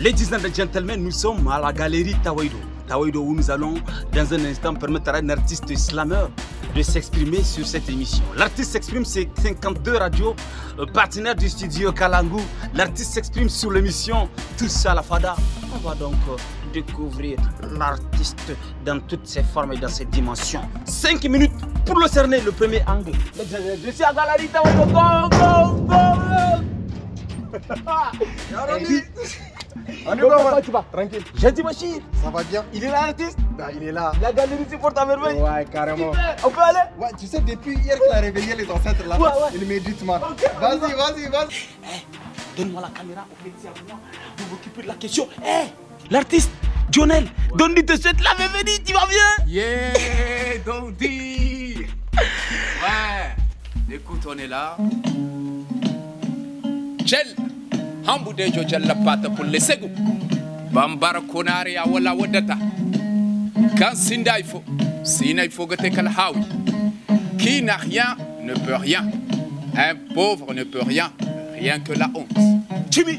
Ladies and gentlemen, nous sommes à la galerie Tawaido. Tawaido où nous allons dans un instant permettre à un artiste slammer de s'exprimer sur cette émission. L'artiste s'exprime sur 52 radios euh, partenaire du studio Kalangu. L'artiste s'exprime sur l'émission tout à la Fada. On va donc euh, découvrir l'artiste dans toutes ses formes et dans ses dimensions. 5 minutes pour le cerner, le premier angle. Je suis à la galerie Tawaido. Go, eh on tu vas Tranquille. J'ai dit Ça va bien. Il est là, l'artiste bah, Il est là. La galerie, c'est pour ta merveille. Ouais, carrément. On peut aller Ouais, tu sais, depuis hier qu'il a réveillé les ancêtres là, ouais, il médite, man. Okay, vas-y, vas-y, vas-y. Eh, hey, eh, donne-moi la caméra, On à moi. Vous m'occupez de la question. Eh l'artiste, Jonel, ouais. donne-lui te souhaite la bienvenue, tu vas bien Yeah, Dondi. ouais. Écoute, on est là. Gel jo jalla pata pulle segu bambara konare ya wala wadata kan fo sinay kal hawi qui n'a rien ne peut rien un pauvre ne peut rien rien que la honte cimi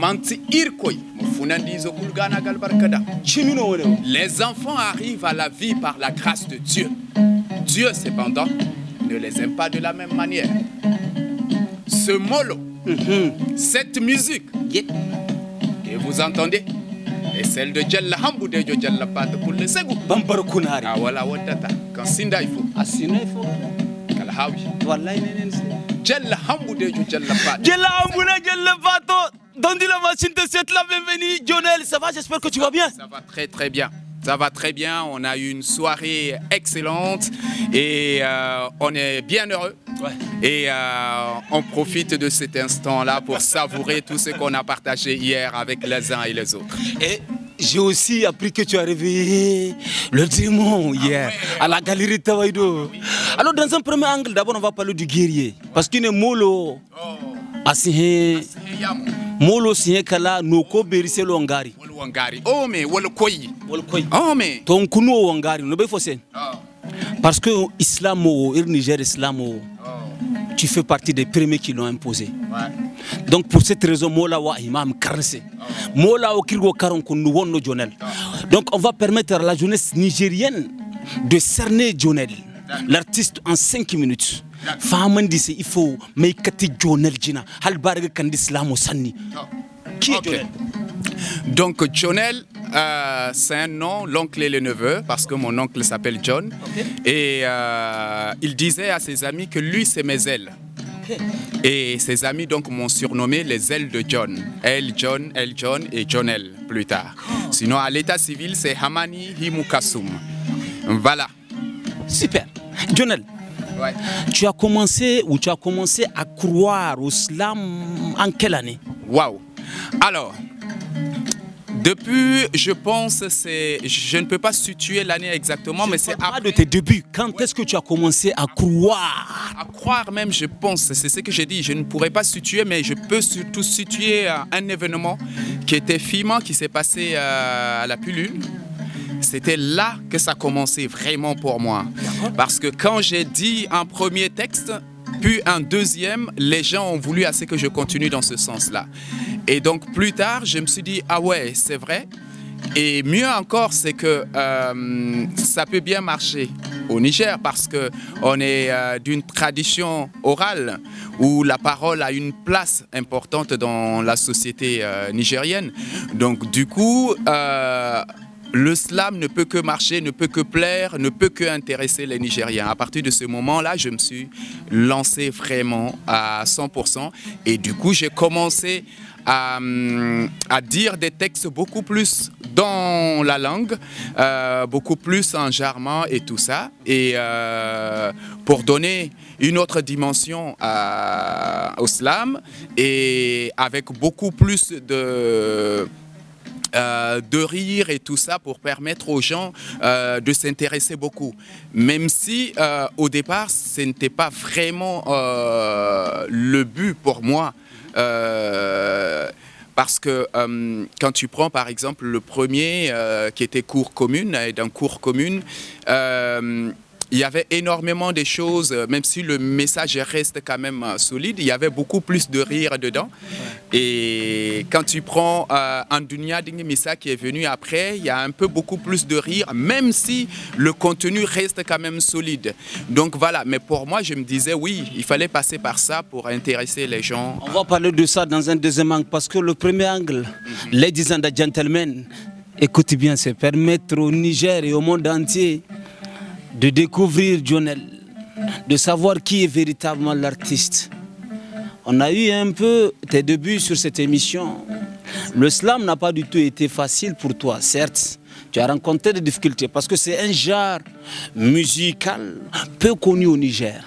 manti irkoy kulgana galbarkada les enfants arrivent à la vie par la grâce de Dieu Dieu cependant ne les aime pas de la même manière ce molo -hmm. Cette musique yeah. que vous entendez est celle de Jalla Hamboude de Jalla Pat pour le Segou. Bambar Kunari. Ah voilà, Watata. Quand Sinda il faut. Ah Sinda il faut. Kalhawi. Wallahi Nenen Jalla Hamboude de Jalla Pat. Jalla Hamboude Jalla Pato. la machine de cette la bienvenue. Jonel, ça va J'espère que tu vas bien. Ça va très très bien. Ça va très bien, on a eu une soirée excellente et euh, on est bien heureux. Et euh, on profite de cet instant-là pour savourer tout ce qu'on a partagé hier avec les uns et les autres. Et j'ai aussi appris que tu as réveillé le démon hier ah à la galerie Tawaido. Ah Alors dans un premier angle, d'abord on va parler du guerrier. Parce qu'il est mollo. Oh asihe molo sihe kala noko beriselo wangari wangari me, wol koyi wol koyi ome ton kunu o wangari no be fosen oh. parce que islam o ir niger islam o oh. tu fais partie des premiers qui l'ont imposé donc pour cette raison mola wa imam karse oh. mola o kirgo karon kunu wonno jonel donc on va permettre à la jeunesse nigérienne de cerner jonel l'artiste en 5 minutes faman ifo faut kati Jonel jina hal donc Jonel euh, c'est un nom, l'oncle et le neveu, parce que mon oncle s'appelle John. Et euh, il disait à ses amis que lui, c'est mes ailes. Et ses amis donc m'ont surnommé les ailes de John. Elle, John, elle, John et Jonel plus tard. Ah. Sinon, à l'état civil, c'est Hamani Himukasum. Voilà. Super. Jonel tu as commencé ou tu as commencé à croire au slam en quelle année Waouh Alors, depuis, je pense, c'est, je ne peux pas situer l'année exactement, mais c'est après. de tes débuts. Quand est-ce que tu as commencé à croire À croire même, je pense. C'est ce que j'ai dit. Je ne pourrais pas situer, mais je peux surtout situer un événement qui était filmant, qui s'est passé euh, à la Pulune. C'était là que ça commençait vraiment pour moi. Parce que quand j'ai dit un premier texte, puis un deuxième, les gens ont voulu assez que je continue dans ce sens-là. Et donc plus tard, je me suis dit, ah ouais, c'est vrai. Et mieux encore, c'est que euh, ça peut bien marcher au Niger parce qu'on est euh, d'une tradition orale où la parole a une place importante dans la société euh, nigérienne. Donc du coup le slam ne peut que marcher, ne peut que plaire, ne peut que intéresser les Nigériens. À partir de ce moment-là, je me suis lancé vraiment à 100% et du coup, j'ai commencé hum, à, dire des textes beaucoup plus dans la langue, euh, beaucoup plus en jarman et tout ça, et euh, pour donner une autre dimension au slam et avec beaucoup plus de euh, de rire et tout ça pour permettre aux gens euh, de s'intéresser beaucoup. Même si euh, au départ, ce n'était pas vraiment le but pour moi. parce que quand tu prends par exemple le premier qui était cours commune, et dans cours commune, il y avait énormément de choses, euh, même si le message reste quand même euh, solide, il y avait beaucoup plus de rire dedans. Et quand tu prends euh, Andunia Dingemissa qui est venu après, il y a un peu beaucoup plus de rire, même si le contenu reste quand même solide. Donc voilà, mais pour moi, je me disais, oui, il fallait passer par ça pour intéresser les gens. On va parler de ça dans un deuxième angle, parce que le premier angle, mhm. Ladies and Gentlemen, écoutez bien, c'est permettre au Niger et au monde entier de découvrir Jonel, de savoir qui est véritablement l'artiste. On a eu un peu tes débuts sur cette émission. Le slam n'a pas du tout été facile pour toi, certes. Tu as rencontré des difficultés parce que c'est un genre musical peu connu au Niger.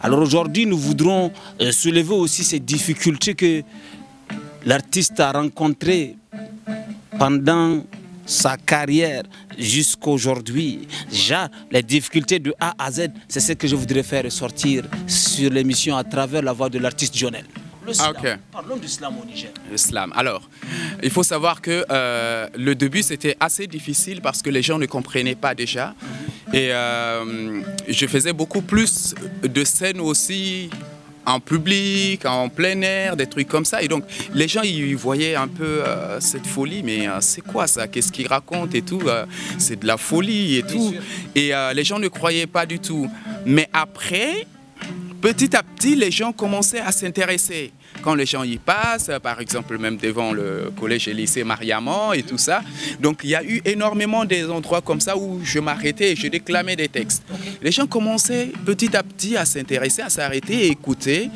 Alors aujourd'hui, nous voudrons euh, soulever aussi ces difficultés que l'artiste a rencontrées pendant sa carrière jusqu'aujourd'hui. Déjà, les difficultés de A à Z, c'est ce que je voudrais faire ressortir sur l'émission à travers la voix de l'artiste Jonel. Ah, okay. Parlons Slam au Niger. Slam, Alors, il faut savoir que euh, le début, c'était assez difficile parce que les gens ne comprenaient pas déjà. Et euh, je faisais beaucoup plus de scènes aussi en public, en plein air, des trucs comme ça. Et donc, les gens, ils voyaient un peu euh, cette folie, mais euh, c'est quoi ça Qu'est-ce qu'ils raconte et tout euh, C'est de la folie et tout. Et les gens ne croyaient pas du tout. Mais après, petit à petit, les gens commençaient à s'intéresser. Quand les gens y passent, par exemple, même devant le collège et lycée Mariamont et tout ça. Donc, il y a eu énormément des endroits comme ça où je m'arrêtais et je déclamais des textes. Les gens commençaient petit à petit à s'intéresser, à s'arrêter et écouter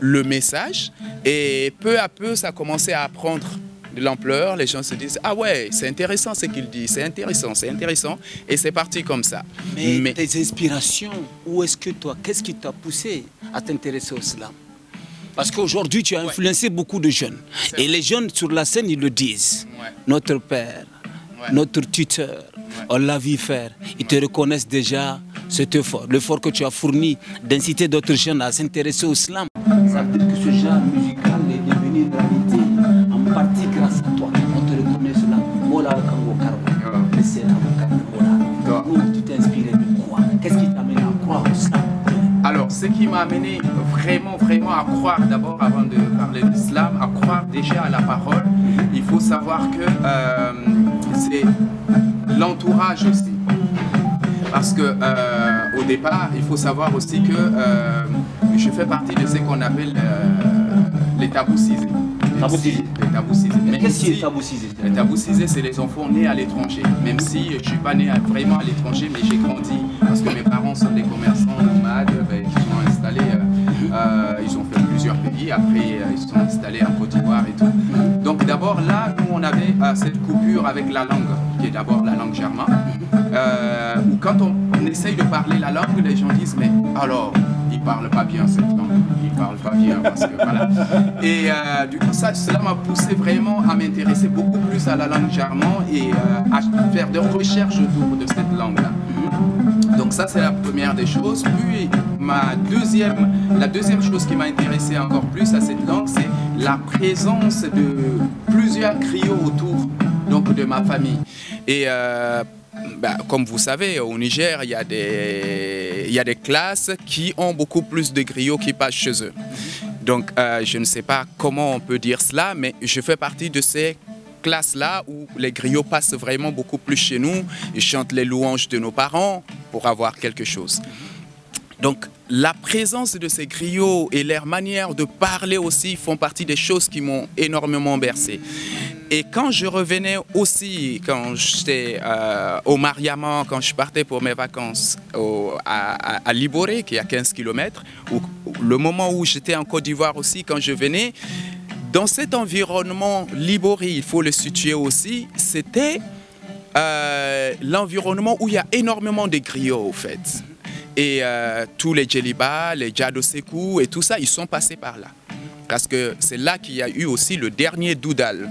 le message. Et peu à peu, ça commençait à apprendre de l'ampleur, les gens se disent Ah ouais, c'est intéressant ce qu'il dit, c'est intéressant, c'est intéressant, et c'est parti comme ça. Mais, tes inspirations, où est-ce que toi, qu'est-ce qui t'a poussé à t'intéresser au slam parce qu'aujourd'hui, tu as influencé beaucoup de jeunes. Et les jeunes sur la scène, ils le disent. Notre père, notre tuteur, on l'a vu faire. Ils te reconnaissent déjà cet effort, l'effort que tu as fourni d'inciter d'autres jeunes à s'intéresser au slam. Ça veut dire que ce genre ce qui m'a amené vraiment, vraiment à croire d'abord, avant de parler de l'islam, à croire déjà à la parole, il faut savoir que euh, c'est l'entourage aussi. Parce que euh, au départ, il faut savoir aussi que euh, je fais partie de ce qu'on appelle les taboussisés. les Qu'est-ce qui est Les taboussisés, c'est les enfants nés à l'étranger. Même si je ne suis pas né vraiment à l'étranger, mais j'ai grandi parce que mes parents sont des commerçants nomades. Ben, euh, ils ont fait plusieurs pays. Après, euh, ils sont installés à Côte d'Ivoire et tout. Donc d'abord, là, nous, on avait euh, cette coupure avec la langue, qui est d'abord la langue germane, quand on, essaye de parler la langue, les gens disent, mais alors, ils parlent pas bien cette langue. Ils parlent pas bien Et du coup, ça, cela m'a poussé vraiment à m'intéresser beaucoup plus à la langue germane et à faire des recherches autour de cette langue-là. Donc ça c'est la première des choses. Puis ma deuxième, la deuxième chose qui m'a intéressé encore plus à cette langue, c'est la présence de plusieurs griots autour donc, de ma famille. Et euh, bah, comme vous savez, au Niger, il y, a des, il y a des classes qui ont beaucoup plus de griots qui passent chez eux. Donc, euh, je ne sais pas comment on peut dire cela, mais je fais partie de ces classe-là où les griots passent vraiment beaucoup plus chez nous. et chantent les louanges de nos parents pour avoir quelque chose. Donc la présence de ces griots et leur manière de parler aussi font partie des choses qui m'ont énormément bercé. Et quand je revenais aussi, quand j'étais euh, au Mariaman, quand je partais pour mes vacances à, Liboré, qui est à 15 km, ou, le moment où j'étais en Côte d'Ivoire aussi, quand je venais, dans cet environnement, Libori, il faut le situer aussi, c'était euh, l'environnement où il y a énormément de griots, au fait. Et euh, tous les Djeliba, les Djadosekou et tout ça, ils sont passés par là. Parce que c'est là qu'il y a eu aussi le dernier Doudal,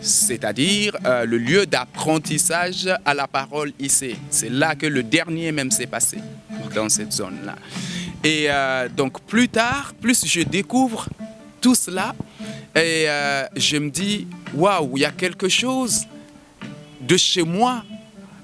c'est-à-dire euh, le lieu d'apprentissage à la parole ici. C'est là que le dernier même s'est passé, dans cette zone-là. Et donc plus tard, plus je découvre tout cela, et euh, je me dis, waouh, il y a quelque chose de chez moi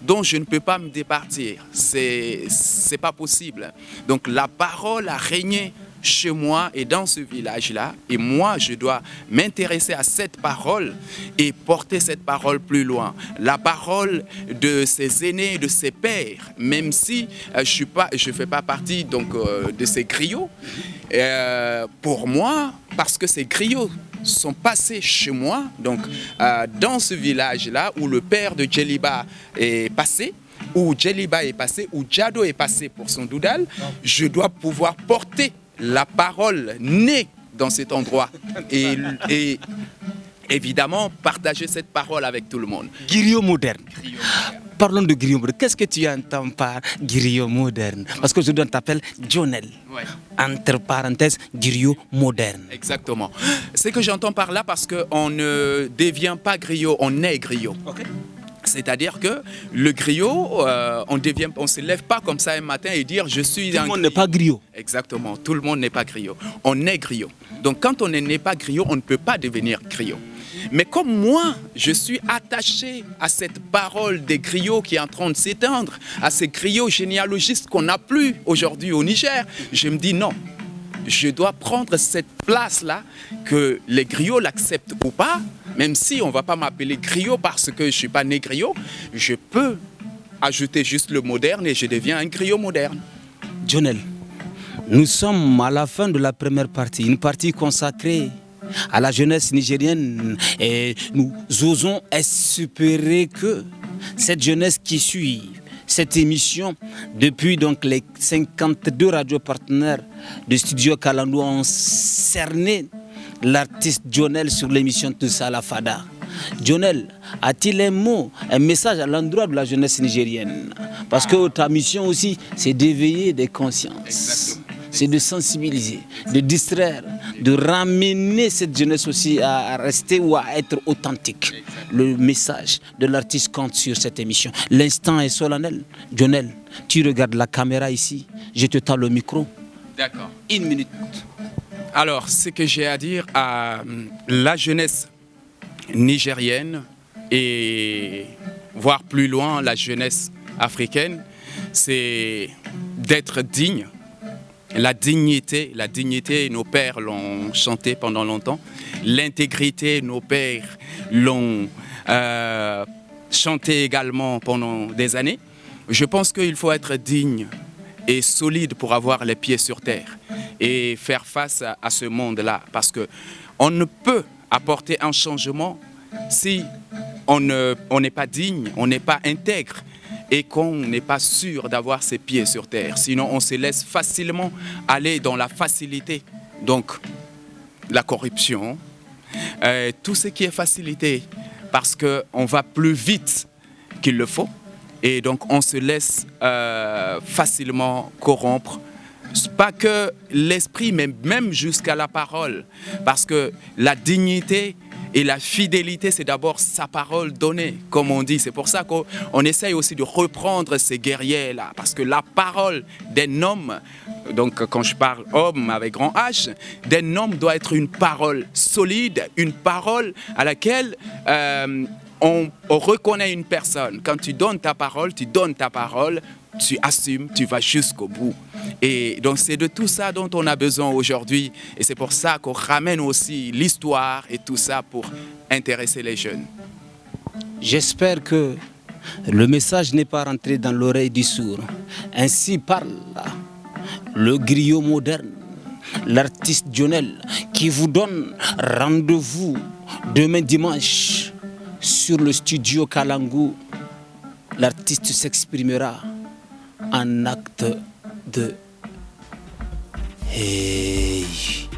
dont je ne peux pas me départir. C'est, c'est pas possible. Donc la parole a régné chez moi et dans ce village-là. Et moi, je dois m'intéresser à cette parole et porter cette parole plus loin. La parole de ses aînés, de ses pères, même si euh, je ne fais pas partie donc, euh, de ces griots. Euh, pour moi, parce que ces griots sont passés chez moi, donc dans ce village-là où le père de Djeliba est passé, où Djeliba est passé, où Jado est passé pour son doudal, je dois pouvoir porter la parole naît dans cet endroit. Et, évidemment, partager cette parole avec tout le monde. Griot moderne. Parlons de griot moderne. Qu'est-ce que tu entends par griot moderne Parce que je donne t'appelle Jonel. Entre parenthèses, griot moderne. Exactement. Ce que j'entends par là, parce qu'on ne devient pas griot, on est griot. C'est-à-dire que le griot, euh, on ne se lève pas comme ça un matin et dire je suis tout un. Tout le monde n'est pas griot. Exactement, tout le monde n'est pas griot. On est griot. Donc quand on n'est pas griot, on ne peut pas devenir griot. Mais comme moi, je suis attaché à cette parole des griots qui est en train de s'éteindre, à ces griots généalogistes qu'on n'a plus aujourd'hui au Niger, je me dis non, je dois prendre cette place-là, que les griots l'acceptent ou pas, même si on ne va pas m'appeler griot parce que je ne suis pas né griot, je peux ajouter juste le moderne et je deviens un griot moderne. Jonel, nous sommes à la fin de la première partie, une partie consacrée à la jeunesse nigérienne et nous osons espérer que cette jeunesse qui suit cette émission depuis donc les 52 radios partenaires de Studio Kalandou ont cerné l'artiste Jonel sur l'émission Tout ça Fada. Jonel, a-t-il un mot, un message à l'endroit de la jeunesse nigérienne Parce que ta mission aussi, c'est d'éveiller des consciences, c'est de sensibiliser, de distraire, de ramener cette jeunesse aussi à rester ou à être authentique. Le message de l'artiste compte sur cette émission. L'instant est solennel. Jonel, tu regardes la caméra ici, je te tends le micro. D'accord. Une minute. Alors, ce que j'ai à dire à euh, la jeunesse nigérienne et voire plus loin la jeunesse africaine, c'est d'être digne la dignité, la dignité, nos pères l'ont chanté pendant longtemps. L'intégrité, nos pères l'ont euh, chantée chanté également pendant des années. Je pense qu'il faut être digne et solide pour avoir les pieds sur terre et faire face à, ce monde-là. Parce que on ne peut apporter un changement si on n'est pas digne, on n'est pas intègre et qu'on n'est pas sûr d'avoir ses pieds sur terre. Sinon, on se laisse facilement aller dans la facilité. Donc, la corruption, euh, tout ce qui est facilité, parce qu'on va plus vite qu'il le faut. Et donc, on se laisse euh, facilement corrompre pas que l'esprit, mais même jusqu'à la parole. Parce que la dignité et la fidélité, c'est d'abord sa parole donnée, comme on dit. C'est pour ça qu'on essaye aussi de reprendre ces guerriers-là, parce que la parole d'un homme, donc quand je parle homme avec grand H, d'un homme doit être une parole solide, une parole à laquelle... Euh, on, reconnaît une personne. Quand tu donnes ta parole, tu donnes ta parole tu assumes, tu vas jusqu'au bout. Et donc c'est de tout ça dont on a besoin aujourd'hui. Et c'est pour ça qu'on ramène aussi l'histoire et tout ça pour intéresser les jeunes. J'espère que le message n'est pas rentré dans l'oreille du sourd. Ainsi parle le griot moderne, l'artiste Dionel, qui vous donne rendez-vous demain dimanche sur le studio Kalangu. L'artiste s'exprimera un acte de hey.